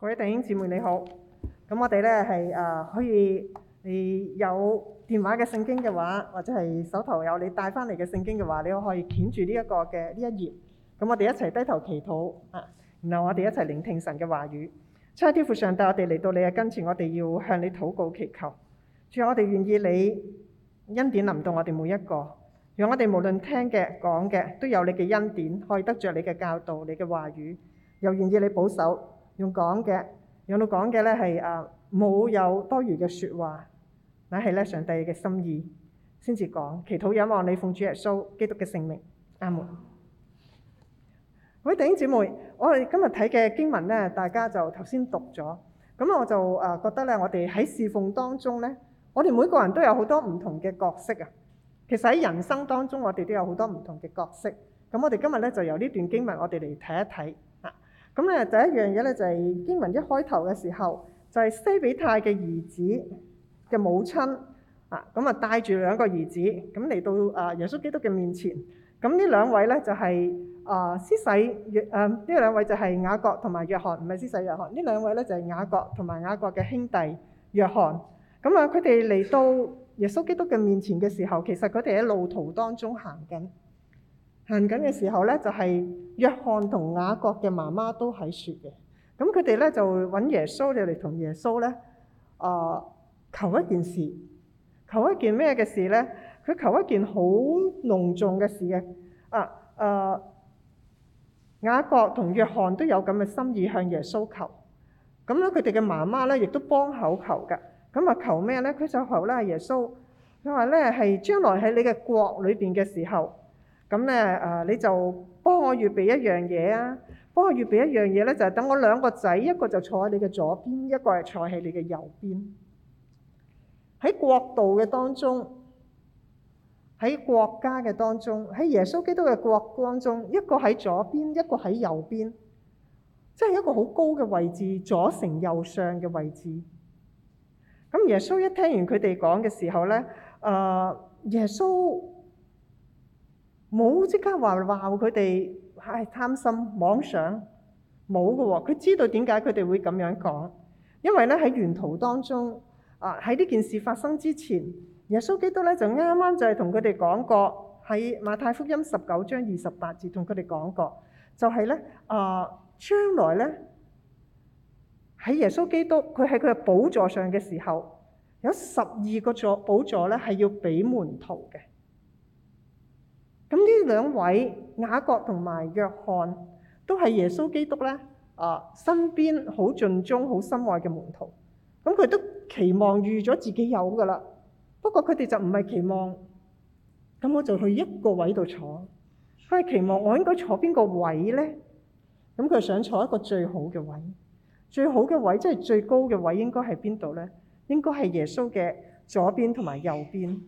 各位弟兄姊妹，你好。咁我哋咧係誒，可以你有電話嘅聖經嘅話，或者係手頭有你帶翻嚟嘅聖經嘅話，你可以攰住呢一個嘅呢一頁。咁我哋一齊低頭祈禱啊，然後我哋一齊聆聽神嘅話語。親愛的天父上帝，我哋嚟到你嘅跟前，我哋要向你禱告祈求。主啊，我哋願意你恩典臨到我哋每一個，讓我哋無論聽嘅講嘅都有你嘅恩典，可以得着你嘅教導、你嘅話語，又願意你保守。用講嘅，用到講嘅咧係誒冇有多餘嘅說話，乃係咧上帝嘅心意先至講。祈禱仰望你奉主耶穌基督嘅聖名，阿門。好，弟兄姊妹，我哋今日睇嘅經文咧，大家就頭先讀咗，咁我就誒覺得咧，我哋喺侍奉當中咧，我哋每個人都有好多唔同嘅角色啊。其實喺人生當中，我哋都有好多唔同嘅角色。咁我哋今日咧就由呢段經文，我哋嚟睇一睇。咁咧第一樣嘢咧就係經文一開頭嘅時候，就係西比泰嘅兒子嘅母親啊，咁啊帶住兩個兒子咁嚟到啊耶穌基督嘅面前。咁呢兩位咧就係啊施洗約，啊呢兩位就係雅各同埋約翰，唔係施洗約翰，呢兩位咧就係雅各同埋雅各嘅兄弟約翰。咁啊佢哋嚟到耶穌基督嘅面前嘅時候，其實佢哋喺路途當中行緊。行緊嘅時候咧，就係、是、約翰同雅各嘅媽媽都喺雪嘅。咁佢哋咧就揾耶穌嚟同耶穌咧，啊、呃、求一件事，求一件咩嘅事咧？佢求一件好隆重嘅事嘅。啊啊、呃，雅各同約翰都有咁嘅心意向耶穌求。咁咧佢哋嘅媽媽咧亦都幫口求嘅。咁啊求咩咧？佢就求咧耶穌，佢話咧係將來喺你嘅國裏邊嘅時候。咁咧，誒你就幫我預備一樣嘢啊！幫我預備一樣嘢咧，就係等我兩個仔，一個就坐喺你嘅左邊，一個係坐喺你嘅右邊。喺國度嘅當中，喺國家嘅當中，喺耶穌基督嘅國當中，一個喺左邊，一個喺右邊，即係一個好高嘅位置，左成右上嘅位置。咁耶穌一聽完佢哋講嘅時候咧，誒、呃、耶穌。冇即刻話話佢哋，唉貪、哎、心妄想，冇噶喎。佢知道點解佢哋會咁樣講，因為咧喺沿途當中，啊喺呢件事發生之前，耶穌基督咧就啱啱就係同佢哋講過，喺馬太福音十九章二十八節同佢哋講過，就係咧啊，將、呃、來咧喺耶穌基督佢喺佢嘅寶座上嘅時候，有十二個座寶座咧係要俾門徒嘅。咁呢兩位雅各同埋約翰都係耶穌基督咧啊，身邊好盡忠、好心愛嘅門徒。咁佢都期望預咗自己有噶啦。不過佢哋就唔係期望咁，我就去一個位度坐。佢係期望我應該坐邊個位咧？咁佢想坐一個最好嘅位，最好嘅位即係最高嘅位應該，應該係邊度咧？應該係耶穌嘅左邊同埋右邊。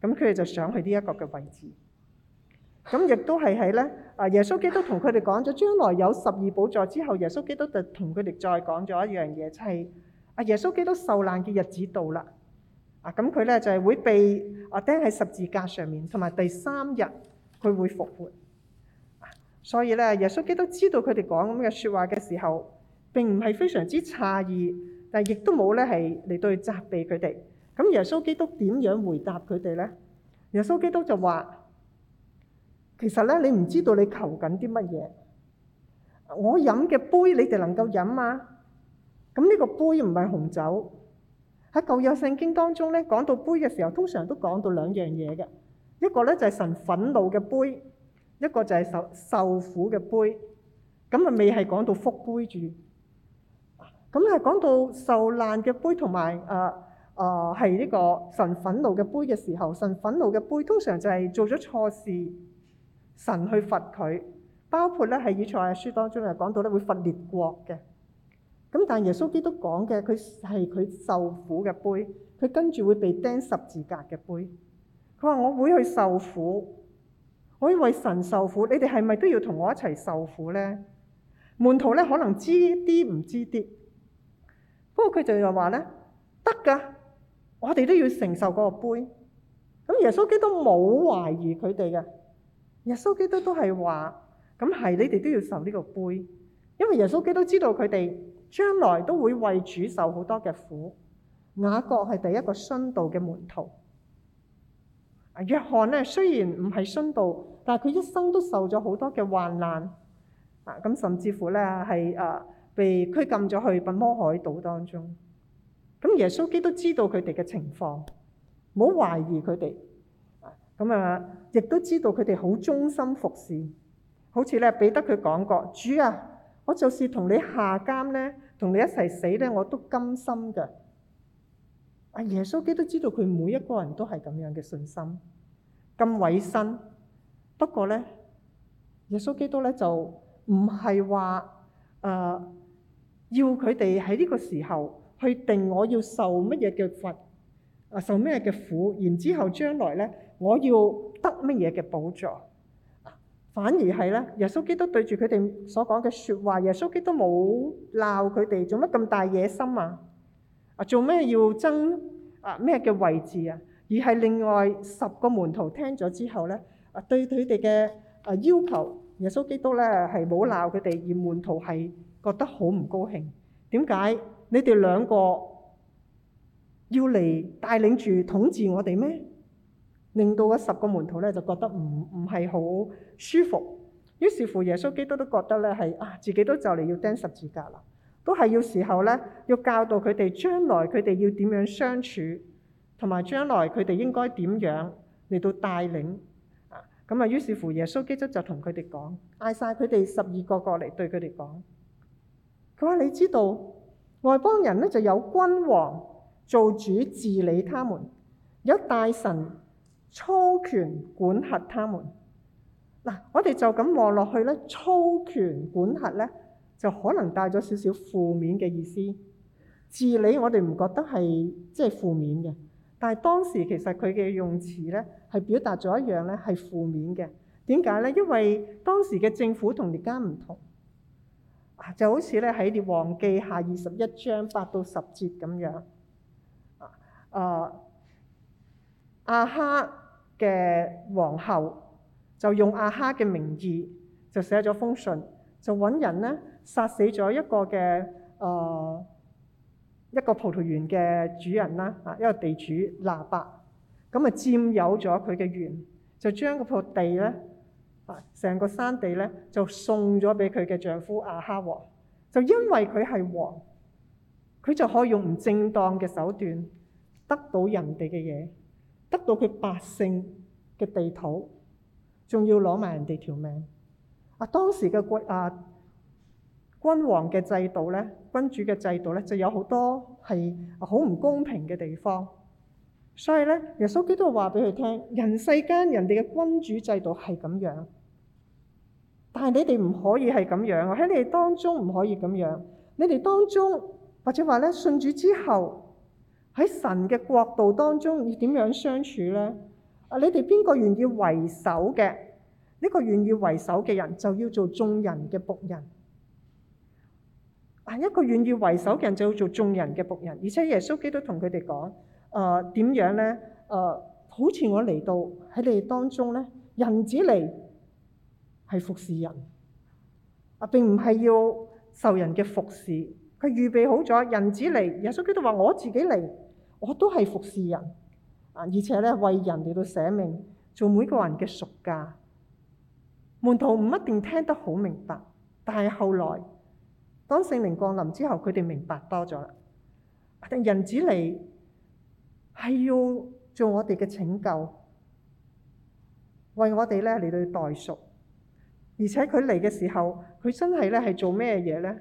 咁佢哋就想去呢一個嘅位置。咁亦都係喺咧，啊！耶穌基督同佢哋講咗將來有十二寶座之後，耶穌基督就同佢哋再講咗一樣嘢，就係啊！耶穌基督受難嘅日子到啦，啊！咁佢咧就係會被啊釘喺十字架上面，同埋第三日佢會復活。所以咧，耶穌基督知道佢哋講咁嘅説話嘅時候，並唔係非常之詫異，但係亦都冇咧係嚟到責備佢哋。咁耶穌基督點樣回答佢哋咧？耶穌基督就話。其實咧，你唔知道你求緊啲乜嘢。我飲嘅杯，你哋能夠飲嘛？咁呢個杯唔係紅酒。喺舊約聖經當中咧，講到杯嘅時候，通常都講到兩樣嘢嘅。一個咧就係、是、神憤怒嘅杯，一個就係受受苦嘅杯。咁啊，未係講到福杯住。咁係講到受難嘅杯，同埋啊啊係呢個神憤怒嘅杯嘅時候，神憤怒嘅杯通常就係做咗錯事。神去罰佢，包括咧係以賽亞書當中又講到咧會罰列國嘅。咁但耶穌基督講嘅，佢係佢受苦嘅杯，佢跟住會被釘十字架嘅杯。佢話：我會去受苦，我以為神受苦。你哋係咪都要同我一齊受苦咧？門徒咧可能知啲唔知啲，不過佢就又話咧得㗎，我哋都要承受嗰個杯。咁耶穌基督冇懷疑佢哋嘅。耶穌基督都係話，咁係你哋都要受呢個杯，因為耶穌基督知道佢哋將來都會為主受好多嘅苦。雅各係第一個殉道嘅門徒，啊，約翰咧雖然唔係殉道，但係佢一生都受咗好多嘅患難，啊，咁甚至乎咧係誒被拘禁咗去拔摩海島當中。咁耶穌基督知道佢哋嘅情況，唔好懷疑佢哋。咁啊，亦都知道佢哋好忠心服侍，好似咧彼得佢講過：主啊，我就是同你下監咧，同你一齊死咧，我都甘心噶。阿耶穌基督知道佢每一個人都係咁樣嘅信心咁委身，不過咧，耶穌基督咧就唔係話誒要佢哋喺呢個時候去定我要受乜嘢嘅罰啊，受咩嘅苦，然之後將來咧。我要得乜嘢嘅補助，反而係咧，耶穌基督對住佢哋所講嘅説話，耶穌基督冇鬧佢哋，做乜咁大野心啊？啊，做咩要爭啊咩嘅位置啊？而係另外十個門徒聽咗之後咧，啊對佢哋嘅啊要求，耶穌基督咧係冇鬧佢哋，而門徒係覺得好唔高興。點解你哋兩個要嚟帶領住統治我哋咩？令到個十個門徒咧，就覺得唔唔係好舒服。於是乎，耶穌基督都覺得咧係啊，自己都就嚟要釘十字架啦，都係要時候咧要教導佢哋將來佢哋要點樣相處，同埋將來佢哋應該點樣嚟到帶領啊。咁啊，於是乎耶穌基督就同佢哋講，嗌晒佢哋十二個過嚟對佢哋講，佢話你知道外邦人咧就有君王做主治理他們，有大臣。操權管轄他們嗱，我哋就咁望落去咧，操權管轄咧就可能帶咗少少負面嘅意思。治理我哋唔覺得係即係負面嘅，但係當時其實佢嘅用詞咧係表達咗一樣咧係負面嘅。點解咧？因為當時嘅政府同而家唔同，就好似咧喺《列王記》下二十一章八到十節咁樣啊，啊、亞哈嘅皇后就用阿哈嘅名義就寫咗封信，就揾人咧殺死咗一個嘅誒、呃、一個葡萄園嘅主人啦啊，一個地主拿伯，咁啊佔有咗佢嘅園，就將嗰塊地咧啊成個山地咧就送咗俾佢嘅丈夫阿哈王，就因為佢係王，佢就可以用唔正當嘅手段得到人哋嘅嘢。得到佢百姓嘅地土，仲要攞埋人哋條命。啊，當時嘅國啊君王嘅制度咧，君主嘅制度咧，就有好多係好唔公平嘅地方。所以咧，耶穌基督話俾佢聽：人世間人哋嘅君主制度係咁樣，但係你哋唔可以係咁樣啊！喺你哋當中唔可以咁樣。你哋當中或者話咧，信主之後。喺神嘅國度當中要點樣相處咧？啊，你哋邊個願意為首嘅？呢、這個願意為首嘅人就要做眾人嘅僕人。係一個願意為首嘅人就要做眾人嘅僕人。而且耶穌基督同佢哋講：誒、呃、點樣咧？誒、呃，好似我嚟到喺你哋當中咧，人子嚟，係服侍人，啊並唔係要受人嘅服侍。」佢預備好咗，人子嚟，耶穌基督話我自己嚟。我都係服侍人，而且咧，為人嚟到捨命，做每個人嘅贖價。門徒唔一定聽得好明白，但係後來當聖靈降臨之後，佢哋明白多咗啦。人子嚟係要做我哋嘅拯救，為我哋咧嚟到代贖，而且佢嚟嘅時候，佢真係咧係做咩嘢咧？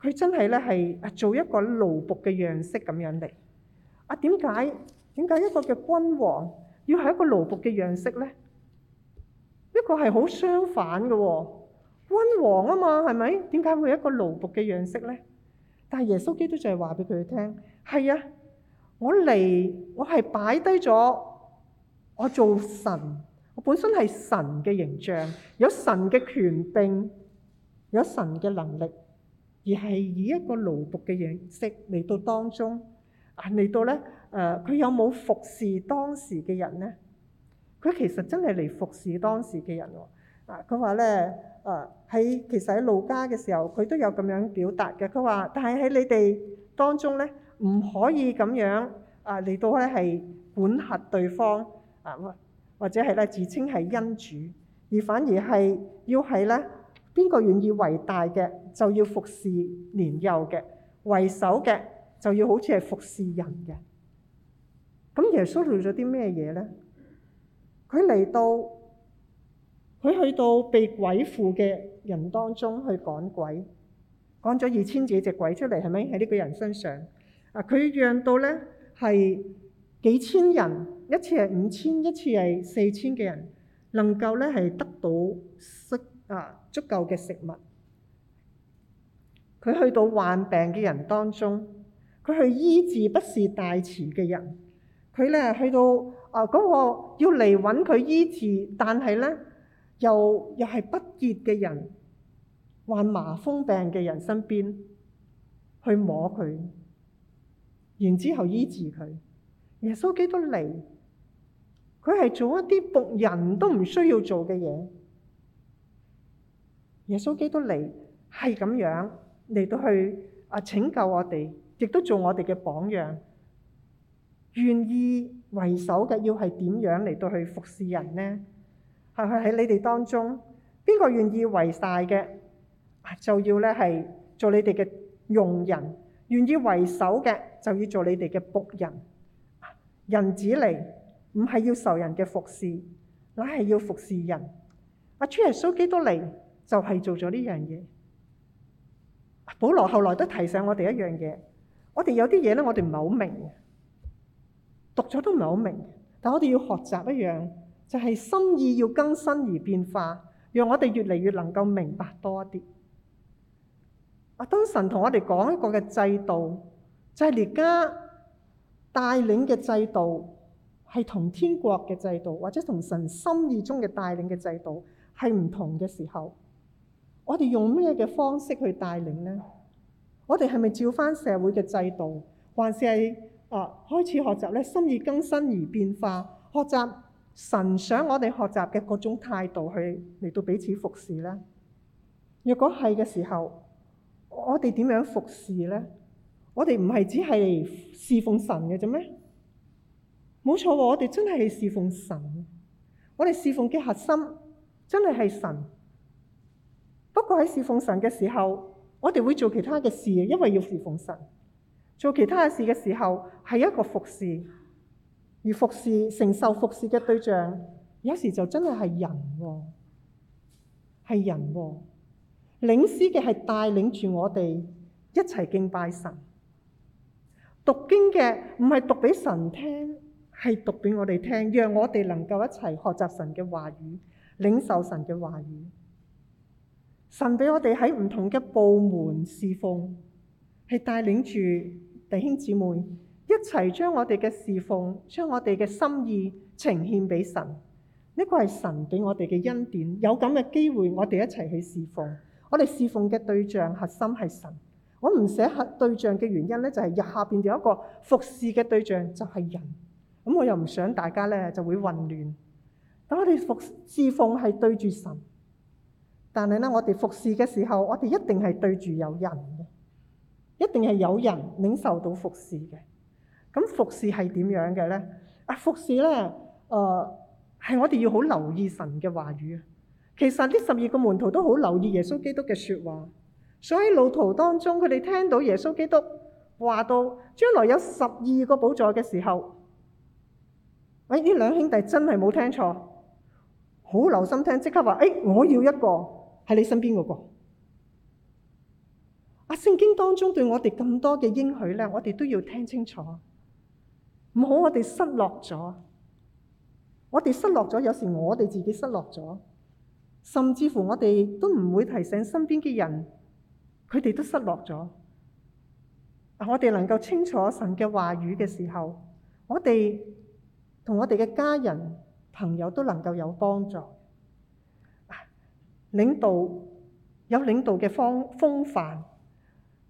佢真係咧係做一個奴僕嘅樣式咁樣嚟。啊，點解點解一個嘅君王要係一個奴僕嘅樣式咧？呢個係好相反嘅喎，君王啊嘛，係咪？點解會一個奴僕嘅樣式咧？但係耶穌基督就係話俾佢哋聽，係啊，我嚟，我係擺低咗，我做神，我本身係神嘅形象，有神嘅權柄，有神嘅能力，而係以一個奴僕嘅樣式嚟到當中。嚟到咧，誒佢有冇服侍當時嘅人咧？佢其實真係嚟服侍當時嘅人喎。啊，佢話咧，誒喺其實喺路加嘅時候，佢都有咁樣表達嘅。佢話，但係喺你哋當中咧，唔可以咁樣啊嚟到咧係管轄對方啊，或者係咧自稱係恩主，而反而係要係咧邊個願意為大嘅就要服侍年幼嘅為首嘅。就要好似係服侍人嘅，咁耶穌做咗啲咩嘢咧？佢嚟到，佢去到被鬼附嘅人當中去趕鬼，趕咗二千幾隻鬼出嚟，係咪？喺呢個人身上啊，佢讓到咧係幾千人，一次係五千，一次係四千嘅人，能夠咧係得到食啊足夠嘅食物。佢去到患病嘅人當中。佢去醫治不是大慈嘅人，佢咧去到啊嗰、呃嗰個要嚟揾佢醫治，但係咧又又係不熱嘅人，患麻風病嘅人身邊去摸佢，然之後醫治佢。耶穌基督嚟，佢係做一啲僕人都唔需要做嘅嘢。耶穌基督嚟係咁樣嚟到去啊拯救我哋，亦都做我哋嘅榜樣，願意為首嘅要係點樣嚟到去服侍人呢？係喺你哋當中，邊個願意為大嘅，就要咧係做你哋嘅用人；願意為首嘅，就要做你哋嘅僕人。人子嚟唔係要受人嘅服侍，乃係要服侍人。阿主耶穌基督嚟就係、是、做咗呢樣嘢。保羅後來都提醒我哋一樣嘢。我哋有啲嘢咧，我哋唔係好明嘅，讀咗都唔係好明。但我哋要學習一樣，就係、是、心意要更新而變化，讓我哋越嚟越能夠明白多一啲。啊，當神同我哋講一個嘅制度，就係而家帶領嘅制度，係同天國嘅制度，或者同神心意中嘅帶領嘅制度係唔同嘅時候，我哋用咩嘅方式去帶領呢？我哋係咪照返社會嘅制度，還是係啊開始學習咧？心意更新而變化，學習神想我哋學習嘅各種態度去嚟到彼此服侍咧？若果係嘅時候，我哋點樣服侍咧？我哋唔係只係侍奉神嘅啫咩？冇錯，我哋真係侍奉神。我哋侍奉嘅核心真係係神。不過喺侍奉神嘅時候，我哋會做其他嘅事，因為要侍奉神。做其他嘅事嘅時候，係一個服侍，而服侍、承受服侍嘅對象，有時就真係係人哦，係人哦。領詩嘅係帶領住我哋一齊敬拜神。讀經嘅唔係讀畀神聽，係讀畀我哋聽，讓我哋能夠一齊學習神嘅話語，領受神嘅話語。神畀我哋喺唔同嘅部門侍奉，係帶領住弟兄姊妹一齊將我哋嘅侍奉，將我哋嘅心意呈獻畀神。呢個係神畀我哋嘅恩典，有咁嘅機會，我哋一齊去侍奉。我哋侍奉嘅對象核心係神。我唔寫核對象嘅原因咧，就係下邊有一個服侍嘅對象就係人，咁我又唔想大家咧就會混亂。咁我哋服侍奉係對住神。但係咧，我哋服侍嘅時候，我哋一定係對住有人，一定係有人領受到服侍嘅。咁服侍係點樣嘅咧？啊，服侍咧，誒、呃，係我哋要好留意神嘅話語。其實呢十二個門徒都好留意耶穌基督嘅說話，所以路途當中，佢哋聽到耶穌基督話到將來有十二個寶座嘅時候，誒、哎，呢兩兄弟真係冇聽錯，好留心聽，即刻話，誒、哎，我要一個。喺你身邊嗰個，啊聖經當中對我哋咁多嘅應許咧，我哋都要聽清楚，唔好我哋失落咗。我哋失落咗，有時我哋自己失落咗，甚至乎我哋都唔會提醒身邊嘅人，佢哋都失落咗。我哋能夠清楚神嘅話語嘅時候，我哋同我哋嘅家人、朋友都能夠有幫助。領導有領導嘅風風範，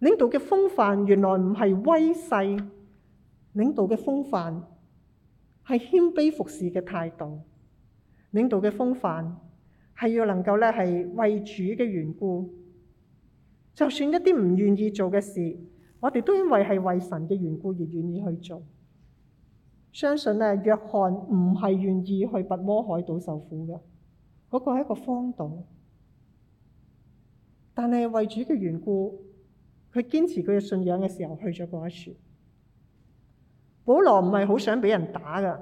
領導嘅風範原來唔係威勢，領導嘅風範係謙卑服侍嘅態度。領導嘅風範係要能夠咧係為主嘅緣故，就算一啲唔願意做嘅事，我哋都因為係為神嘅緣故而願意去做。相信咧，約翰唔係願意去拔摩海島受苦嘅，嗰、嗰個係一個荒島。但係為主嘅緣故，佢堅持佢嘅信仰嘅時候去咗嗰一處。保羅唔係好想俾人打噶，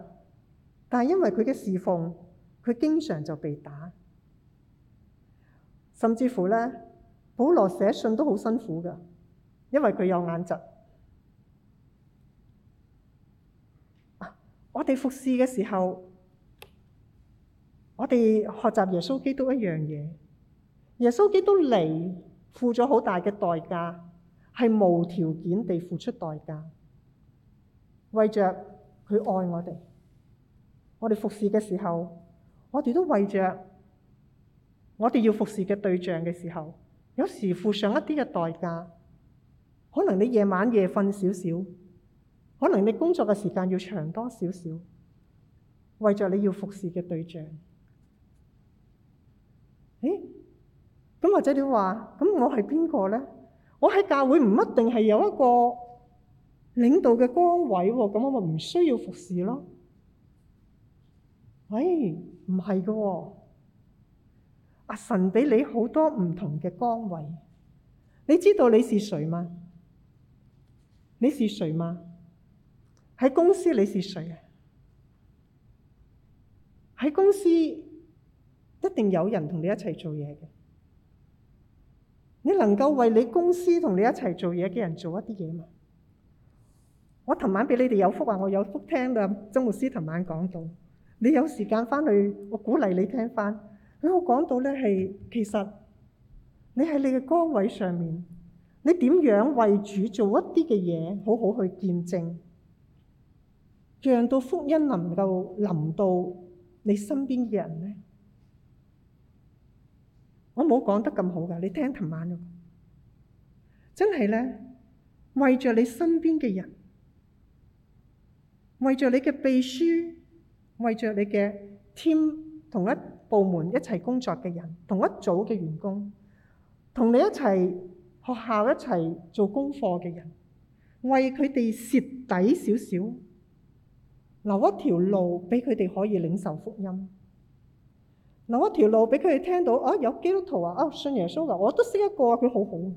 但係因為佢嘅侍奉，佢經常就被打，甚至乎呢，保羅寫信都好辛苦噶，因為佢有眼疾。我哋服侍嘅時候，我哋學習耶穌基督一樣嘢。耶穌基督嚟付咗好大嘅代價，係無條件地付出代價，為着佢愛我哋。我哋服侍嘅時候，我哋都為着我哋要服侍嘅對象嘅時候，有時付上一啲嘅代價，可能你夜晚夜瞓少少，可能你工作嘅時間要長多少少，為着你要服侍嘅對象。誒？咁或者你話咁我係邊個呢？我喺教會唔一定係有一個領導嘅崗位喎，咁我咪唔需要服侍咯。喂、哎，唔係嘅，阿神俾你好多唔同嘅崗位，你知道你是誰嗎？你是誰嗎？喺公司你是誰啊？喺公司一定有人同你一齊做嘢嘅。你能夠為你公司同你一齊做嘢嘅人做一啲嘢嘛？我琴晚俾你哋有福呀，我有福聽到曾牧師琴晚講到，你有時間翻去，我鼓勵你聽翻。佢講到咧，係其實你喺你嘅崗位上面，你點樣為主做一啲嘅嘢，好好去見證，讓到福音能夠臨到你身邊嘅人呢。」我冇講得咁好㗎，你聽尋晚啊，真係咧，為著你身邊嘅人，為著你嘅秘書，為著你嘅 team 同一部門一齊工作嘅人，同一組嘅員工，同你一齊學校一齊做功課嘅人，為佢哋蝕底少少，留一條路俾佢哋可以領受福音。留一條路畀佢哋聽到，哦，有基督徒啊，哦，信耶穌啊，我都識一個，佢好好。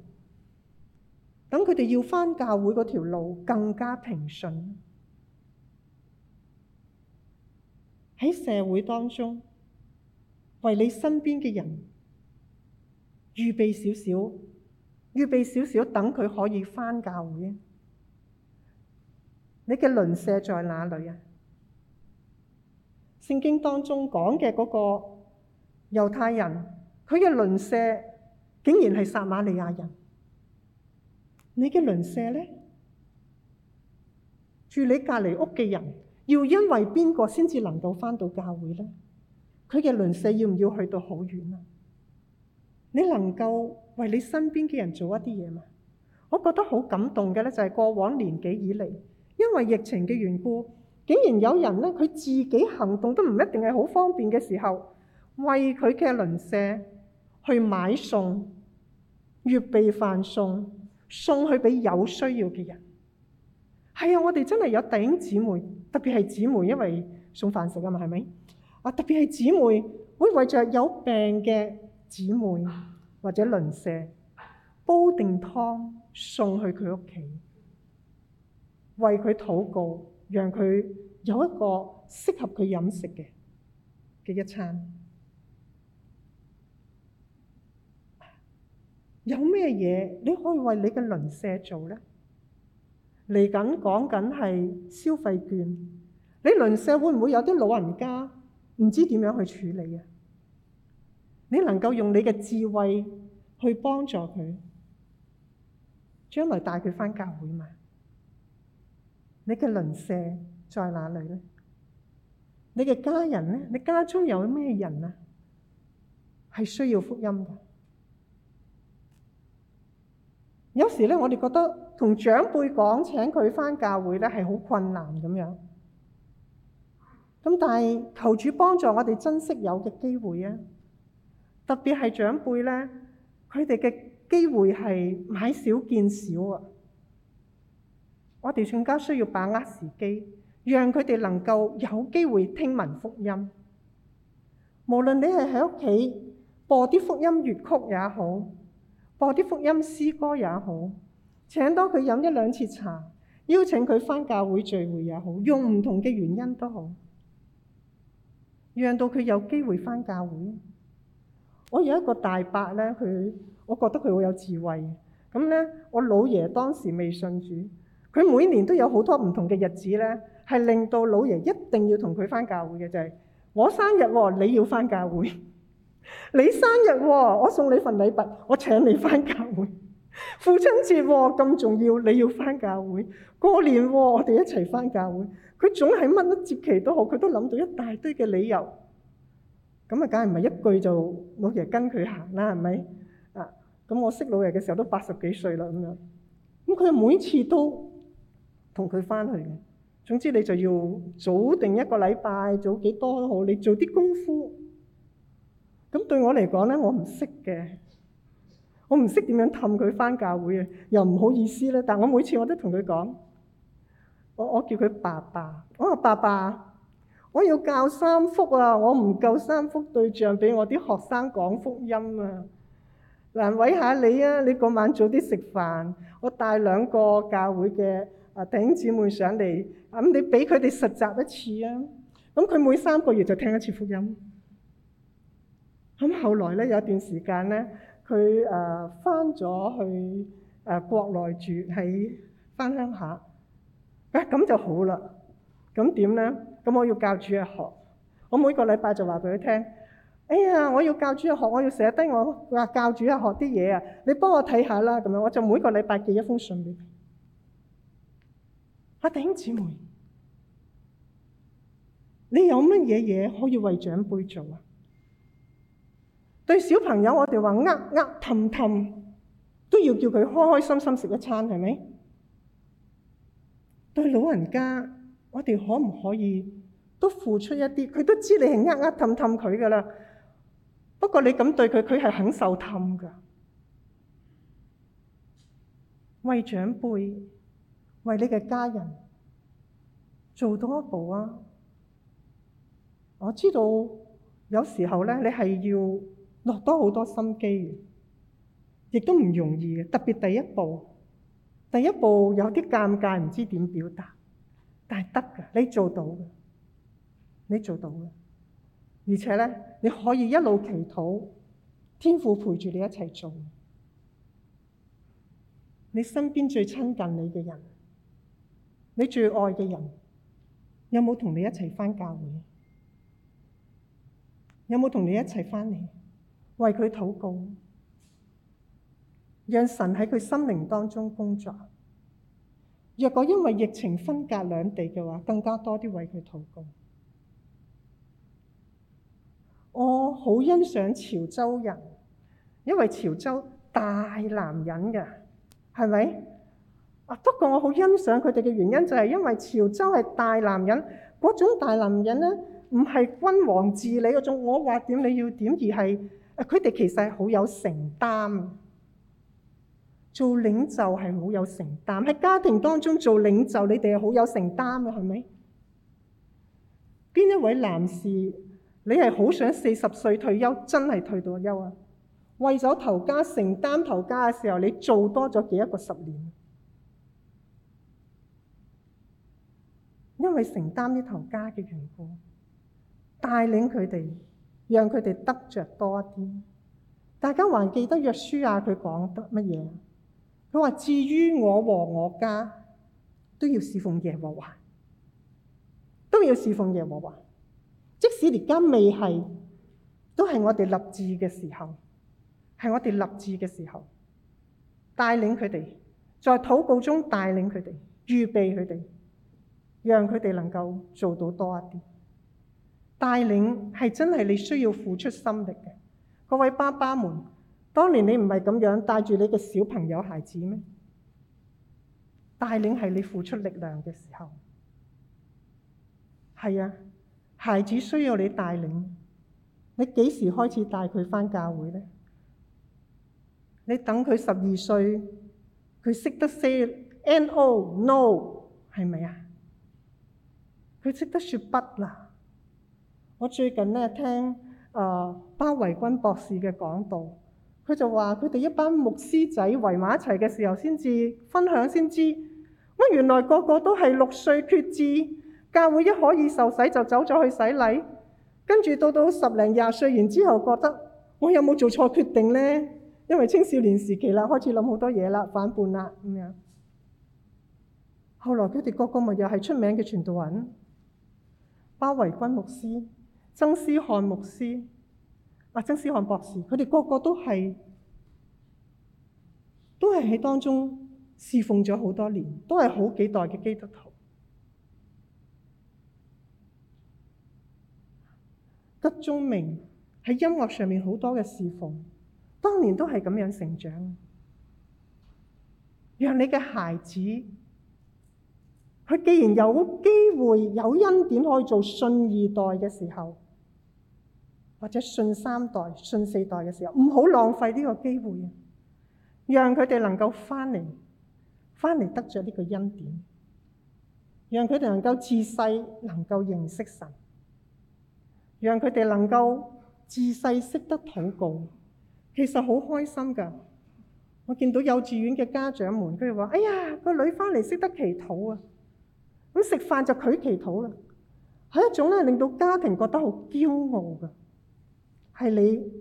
等佢哋要返教會嗰條路更加平順。喺社會當中，為你身邊嘅人預備少少，預備少少，等佢可以返教會啊！你嘅鄰舍在哪裏啊？聖經當中講嘅嗰個。猶太人佢嘅鄰舍竟然係撒瑪利亞人，你嘅鄰舍呢？住你隔離屋嘅人，要因為邊個先至能夠返到教會呢？佢嘅鄰舍要唔要去到好遠啊？你能夠為你身邊嘅人做一啲嘢嘛？我覺得好感動嘅呢，就係過往年紀以嚟，因為疫情嘅緣故，竟然有人呢，佢自己行動都唔一定係好方便嘅時候。為佢嘅鄰舍去買餸，預備飯餸，送去俾有需要嘅人。係啊，我哋真係有弟兄姊妹，特別係姊妹，因為送飯食啊嘛，係咪啊？特別係姊妹會為着有病嘅姊妹或者鄰舍煲定湯送去佢屋企，為佢禱告，讓佢有一個適合佢飲食嘅嘅一餐。有咩嘢你可以為你嘅鄰舍做呢？嚟緊講緊係消費券，你鄰舍會唔會有啲老人家唔知點樣去處理啊？你能夠用你嘅智慧去幫助佢，將來帶佢返教會嘛？你嘅鄰舍在哪裏呢？你嘅家人呢？你家中有咩人啊？係需要福音嘅。有時呢，我哋覺得同長輩講請佢返教會呢係好困難咁樣。咁但係求主幫助我哋珍惜有嘅機會啊！特別係長輩呢，佢哋嘅機會係買少見少啊！我哋更加需要把握時機，讓佢哋能夠有機會聽聞福音。無論你係喺屋企播啲福音粵曲也好，播啲福音詩歌也好，請多佢飲一兩次茶，邀請佢返教會聚會也好，用唔同嘅原因都好，讓到佢有機會返教會。我有一個大伯咧，佢我覺得佢好有智慧。咁咧，我老爺當時未信主，佢每年都有好多唔同嘅日子咧，係令到老爺一定要同佢返教會嘅。就係、是、我生日喎，哦，你要返教會。你生日，我送你份禮物，我請你翻教會。父親節咁重要，你要翻教會。過年，我哋一齊翻教會。佢總係乜都節期都好，佢都諗到一大堆嘅理由。咁啊，梗係唔係一句就老爺跟佢行啦，係咪？啊，咁我識老爺嘅時候都八十幾歲啦，咁樣。咁佢每次都同佢翻去嘅。總之你就要早定一個禮拜，早幾多都好，你做啲功夫。咁對我嚟講咧，我唔識嘅，我唔識點樣氹佢翻教會嘅，又唔好意思咧。但我每次我都同佢講，我我叫佢爸爸，我話爸爸，我要教三福啊，我唔夠三福對象俾我啲學生講福音啊，難為下你啊，你嗰晚早啲食飯，我帶兩個教會嘅啊弟兄姊妹上嚟，咁你俾佢哋實習一次啊，咁佢每三個月就聽一次福音。咁後來咧，有一段時間咧，佢誒翻咗去誒、呃、國內住，喺翻鄉下。啊，咁就好啦。咁點咧？咁我要教主去學。我每個禮拜就話俾佢聽。哎呀，我要教主去學，我要寫低，我話教主去學啲嘢啊！你幫我睇下啦，咁樣我就每個禮拜寄一封信俾佢。阿、啊、頂姊妹，你有乜嘢嘢可以為長輩做啊？對小朋友，我哋話呃呃氹氹，都要叫佢開開心心食一餐，係咪？對老人家，我哋可唔可以都付出一啲？佢都知你係呃呃氹氹佢噶啦。不過你咁對佢，佢係肯受氹噶。為長輩，為你嘅家人，做多一步啊！我知道有時候咧，你係要。落多好多心機，亦都唔容易。特別第一步，第一步有啲尷尬，唔知點表達，但係得嘅，你做到嘅，你做到嘅。而且咧，你可以一路祈禱，天父陪住你一齊做。你身邊最親近你嘅人，你最愛嘅人，有冇同你一齊翻教會？有冇同你一齊翻嚟？為佢禱告，讓神喺佢生命當中工作。若果因為疫情分隔兩地嘅話，更加多啲為佢禱告。我好欣賞潮州人，因為潮州大男人嘅，係咪？不過我好欣賞佢哋嘅原因就係因為潮州係大男人，嗰種大男人呢，唔係君王治理嗰種，我話點你要點，而係。佢哋其實係好有，有承擔，做領袖係好有承擔。喺家庭當中做領袖，你哋係好有承擔嘅，係咪？邊一位男士？你係好想四十歲退休？真係退到休啊！為咗頭家承擔頭家嘅時候，你做多咗幾一個十年？因為承擔呢頭家嘅緣故，帶領佢哋。讓佢哋得着多一啲。大家還記得約書亞佢講乜嘢？佢話至於我和我家都要侍奉耶和華，都要侍奉耶和華。即使而家未係，都係我哋立志嘅時候，係我哋立志嘅時候，帶領佢哋，在禱告中帶領佢哋，預備佢哋，讓佢哋能夠做到多一啲。帶領係真係你需要付出心力嘅，各位爸爸們，當年你唔係咁樣帶住你嘅小朋友孩子咩？帶領係你付出力量嘅時候，係啊，孩子需要你帶領。你幾時開始帶佢返教會呢？你等佢十二歲，佢識得 say no，no 係咪啊？佢識得說不啦。我最近呢聽啊鮑維均博士嘅講道，佢就話佢哋一班牧師仔圍埋一齊嘅時候先至分享先知，咁原來個個都係六歲決志，教會一可以受洗就走咗去洗禮，跟住到到十零廿歲，然之後覺得我有冇做錯決定呢？因為青少年時期啦，開始諗好多嘢啦，反叛啦咁樣。後來佢哋個個咪又係出名嘅傳道人，鮑維均牧師。曾思漢牧師，啊、曾思漢博士，佢哋個個都係，都係喺當中侍奉咗好多年，都係好幾代嘅基督徒。吉忠明喺音樂上面好多嘅侍奉，當年都係咁樣成長。讓你嘅孩子，佢既然有機會有恩典可以做信二代嘅時候，或者信三代、信四代嘅時候，唔好浪費呢個機會，讓佢哋能夠翻嚟，翻嚟得著呢個恩典，讓佢哋能夠自細能夠認識神，讓佢哋能夠自細識得禱告，其實好開心㗎。我見到幼稚園嘅家長們，佢哋話：哎呀，個女翻嚟識得祈禱啊！咁食飯就佢祈禱啦，係一種咧，令到家庭覺得好驕傲㗎。係你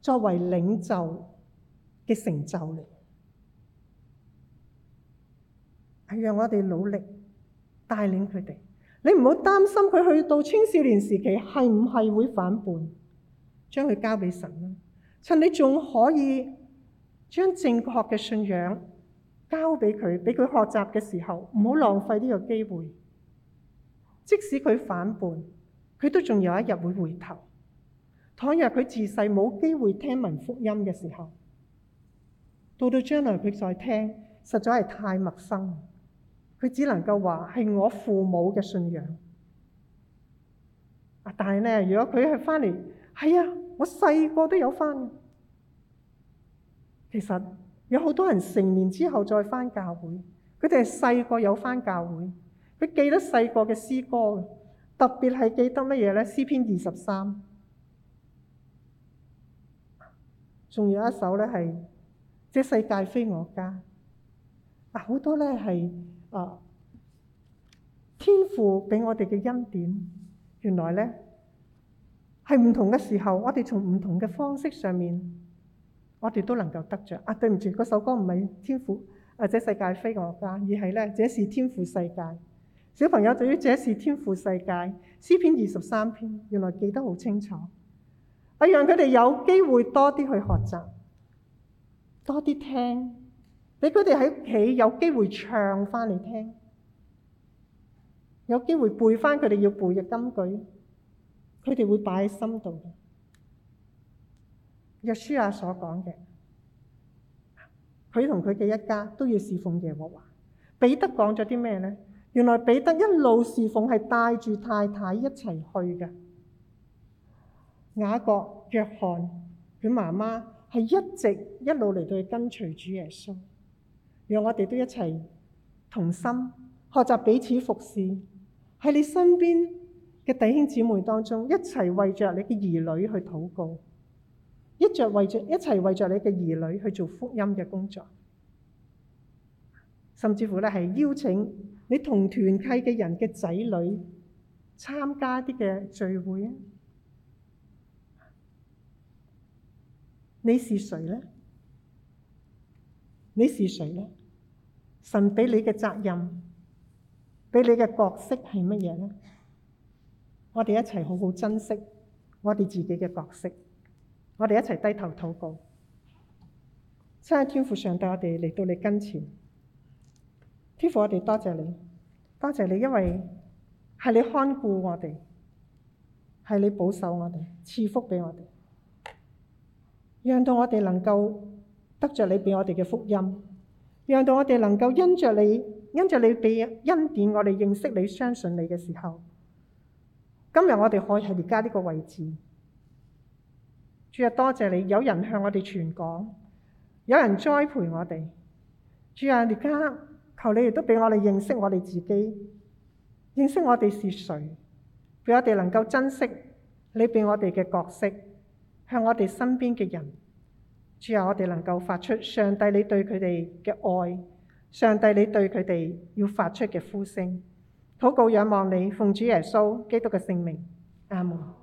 作為領袖嘅成就嚟，係讓我哋努力帶領佢哋。你唔好擔心佢去到青少年時期係唔係會反叛，將佢交俾神啦。趁你仲可以將正確嘅信仰交俾佢，畀佢學習嘅時候，唔好浪費呢個機會。即使佢反叛，佢都仲有一日會回頭。倘若佢自細冇機會聽聞福音嘅時候，到到將來佢再聽，實在係太陌生。佢只能夠話係我父母嘅信仰。但係呢，如果佢係返嚟，係啊，我細個都有返。其實有好多人成年之後再返教會，佢哋係細個有返教會，佢記得細個嘅詩歌，特別係記得乜嘢呢？詩篇二十三。仲有一首呢，係《這世界非我家》。啊，好多呢，係啊，天父畀我哋嘅恩典，原來呢，係唔同嘅時候，我哋從唔同嘅方式上面，我哋都能夠得着。啊，對唔住，嗰首歌唔係天父啊，《這世界非我家》，而係呢，《這是天父世界》。小朋友對於《這是天父世界》、詩篇二十三篇，原來記得好清楚。我讓佢哋有機會多啲去學習，多啲聽，畀佢哋喺屋企有機會唱返嚟聽，有機會背返佢哋要背嘅金句，佢哋會擺喺心度嘅。約書亞所講嘅，佢同佢嘅一家都要侍奉耶和華。彼得講咗啲咩呢？原來彼得一路侍奉係帶住太太一齊去嘅。雅各、約翰佢媽媽係一直一路嚟到去跟隨主耶穌，讓我哋都一齊同心學習彼此服侍。喺你身邊嘅弟兄姊妹當中，一齊為着你嘅兒女去禱告，一著為著，一齊為着你嘅兒女去做福音嘅工作，甚至乎咧，係邀請你同團契嘅人嘅仔女參加啲嘅聚會。你是誰呢？你是誰呢？神俾你嘅責任，俾你嘅角色係乜嘢呢？我哋一齊好好珍惜我哋自己嘅角色，我哋一齊低頭禱告。親愛嘅天父上帝，我哋嚟到你跟前，天父我哋多謝你，多謝你，因為係你看顧我哋，係你保守我哋，賜福俾我哋。讓到我哋能夠得着你畀我哋嘅福音，讓到我哋能夠因着你，因着你畀恩典，我哋認識你、相信你嘅時候，今日我哋可以喺而家呢個位置。主啊，多謝你，有人向我哋傳講，有人栽培我哋。主啊，而家求你亦都畀我哋認識我哋自己，認識我哋是誰，畀我哋能夠珍惜你畀我哋嘅角色，向我哋身邊嘅人，主啊，我哋能夠發出上帝你對佢哋嘅愛，上帝你對佢哋要發出嘅呼聲，禱告仰望你，奉主耶穌基督嘅聖名，阿門。